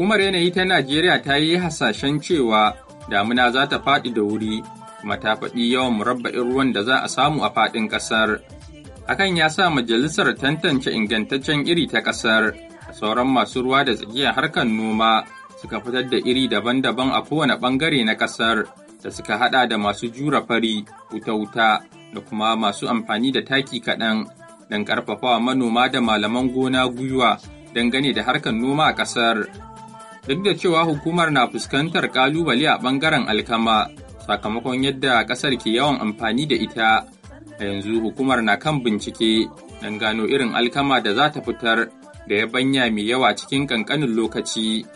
Hukumar yanayi ta Najeriya ta yi hasashen cewa damuna za ta faɗi da wuri kuma ta faɗi yawan murabba'in ruwan da za a samu a faɗin ƙasar. Hakan ya sa majalisar tantance ingantaccen iri ta ƙasar da sauran masu ruwa da tsakiya harkar noma suka fitar da iri daban-daban a kowane ɓangare na ƙasar da suka haɗa da masu jura fari wuta-wuta da kuma masu amfani da taki kaɗan don ƙarfafawa manoma da malaman gona gwiwa dangane da harkar noma a ƙasar. duk da cewa hukumar na fuskantar kalubale a bangaren alkama sakamakon yadda kasar ke yawan amfani da ita a yanzu hukumar na kan bincike don gano irin alkama da za ta fitar da ya banya mai yawa cikin kankanin lokaci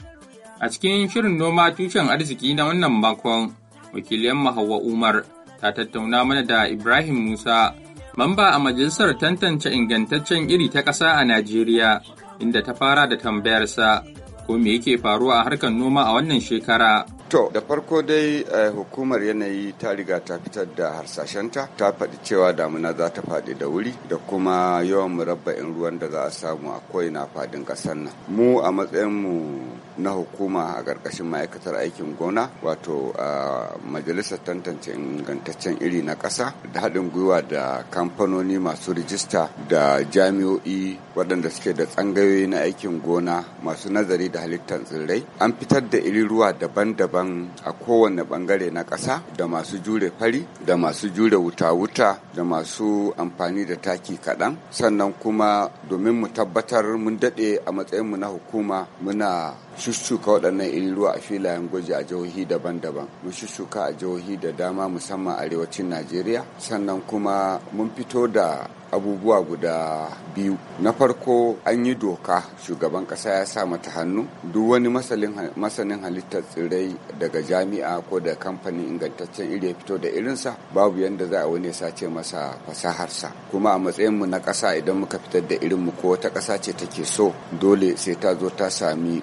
a cikin shirin noma tushen arziki na wannan makon wakiliyan mahawa umar ta tattauna mana da ibrahim musa mamba a majalisar tantance ingantaccen iri ta ƙasa a najeriya inda ta fara da tambayarsa ko me yake faruwa a harkar noma a wannan shekara To, da farko dai eh, hukumar yanayi ta riga ta fitar da harsashenta ta faɗi cewa damuna za ta faɗi da wuri da kuma yawan murabba'in ruwan da za a samu a ko'ina faɗin ƙasar nan. Mu a matsayin mu na hukuma a ƙarƙashin ma'aikatar aikin gona wato a majalisar tantance ingantaccen iri na ƙasa da haɗin gwiwa da kamfanoni masu rijista da jami'o'i waɗanda suke da tsangayoyi na aikin gona masu nazari da halittar tsirrai an fitar da iri ruwa daban-daban kan a kowane bangare na ƙasa da masu jure fari da masu jure wuta-wuta da masu amfani da taki kaɗan sannan kuma domin mu tabbatar mun daɗe a matsayin mu na hukuma muna shushuka waɗannan iri ruwa a filayen gwaji a jihohi daban-daban mun shushuka a jihohi da dama musamman arewacin najeriya sannan kuma mun fito da abubuwa guda biyu na farko an yi doka shugaban kasa ya sa mata hannu duk wani masanin halittar tsirrai daga jami'a ko da kamfanin ingantaccen iri ya fito da irinsa babu yadda za a wani sace masa fasaharsa kuma a matsayinmu na ƙasa idan muka fitar da irinmu ko wata ƙasa ce take so dole sai ta zo ta sami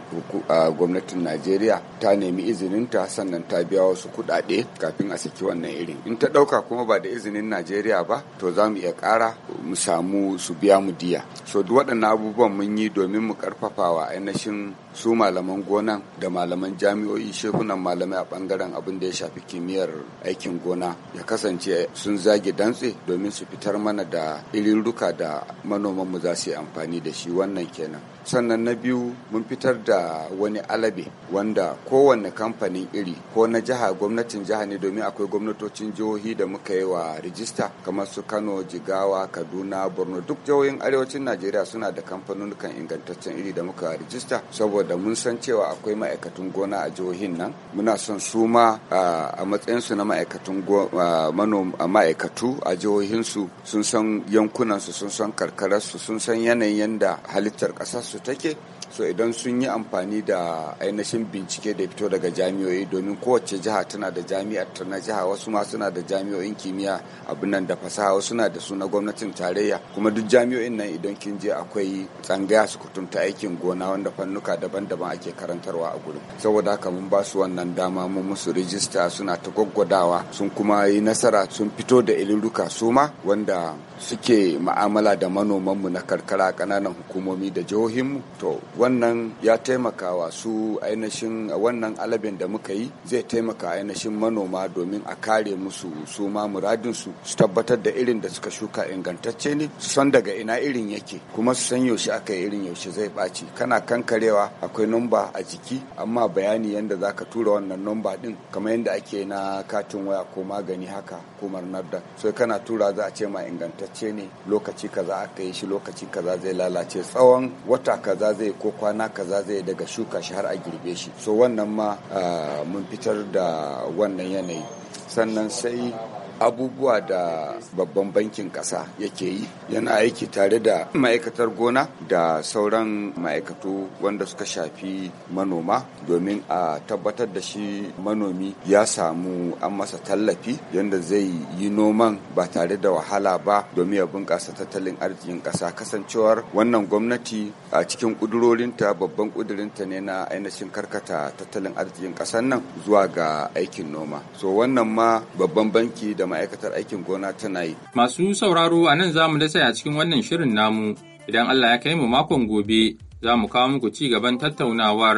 a gwamnatin najeriya ta nemi izinin ta sannan ta biya wasu kuɗaɗe kafin a saki wannan irin in ta ɗauka kuma ba da izinin najeriya ba to za mu iya ƙara mu samu su biya mu diya so duk waɗannan abubuwan mun yi domin mu ƙarfafawa ainihin su malaman gona da malaman jami'o'i shekunan malamai a bangaren abin da ya shafi kimiyyar aikin gona ya kasance sun zage dantse domin su fitar mana da irin ruka da manomanmu za su yi amfani da shi wannan kenan sannan na biyu mun fitar da wani alabe wanda kowanne kamfanin iri ko na jiha gwamnatin jiha ne domin akwai gwamnatocin jihohi da muka yi wa rijista kamar su kano jigawa kaduna borno duk jihohin arewacin najeriya suna da kamfanonukan ingantaccen iri da muka rijista saboda mun san cewa akwai ma'aikatan gona a jihohin nan muna son su ma a matsayinsu na ma'aikatu a jihohinsu sun san yankunansu sun san karkararsu sun san yanayin yadda halittar ƙasarsu take so idan sun yi amfani da ainihin bincike da fito daga jami'o'i domin kowace jiha tana da jami'ar ta na jiha wasu ma suna da jami'o'in kimiyya abin nan da fasaha wasu na da su na gwamnatin tarayya kuma duk jami'o'in nan idan kin je akwai tsangaya su kutumta aikin gona wanda fannuka daban-daban ake karantarwa a gurin saboda haka mun ba su wannan dama mun musu rijista suna ta gwaggwadawa sun kuma yi nasara sun fito da ililuka su ma wanda suke ma'amala da manomanmu na karkara ƙananan hukumomi da jihohinmu to wannan ya taimaka wa su ainihin wannan alabin da muka yi zai taimaka ainihin manoma domin a kare musu su ma muradin su su tabbatar da irin da suka shuka ingantacce ne su san daga ina irin yake kuma su san yaushe aka yi irin yaushe zai ɓaci kana kankarewa akwai numba a jiki amma bayani yadda za ka tura wannan numba din kamar yadda ake na katin waya ko magani haka ko marnadda so kana tura za a ce ma ingantacce ne lokaci kaza aka yi shi lokaci kaza zai lalace tsawon wata kaza zai ko kwana kaza zai daga shuka shi har a girbe shi so wannan ma ah, mun fitar da wannan yanayi sannan sai abubuwa da babban bankin ƙasa yake yi yana aiki tare da ma'aikatar gona da sauran ma'aikatu wanda suka shafi manoma domin a tabbatar da shi manomi ya samu an masa tallafi yadda zai yi noman ba tare da wahala ba domin ya bunƙasa tattalin arzikin kasa kasancewar wannan gwamnati a cikin ƙudurorinta babban ƙudurinta ne na ainihin karkata tattalin arzikin ƙasar nan zuwa ga aikin noma so wannan ma babban banki da ma'aikatar aikin gona tana yi. Masu sauraro a nan za mu dasa a cikin wannan shirin namu idan Allah ya kai mu makon gobe za mu kawo muku ci gaban tattaunawar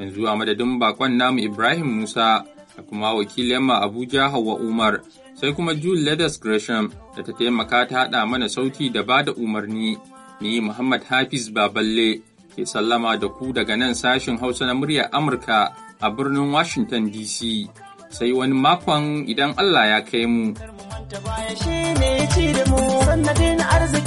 yanzu a madadin bakon namu Ibrahim Musa da kuma wakilin ma Abuja Hauwa Umar sai kuma Jule Ledes Gresham da ta taimaka ta haɗa mana sauti da ba da umarni ni Muhammad Hafiz Baballe ke sallama da ku daga nan sashin Hausa na muryar Amurka a birnin Washington DC. sai wani makon idan Allah ya kai mu. Sanadin arziki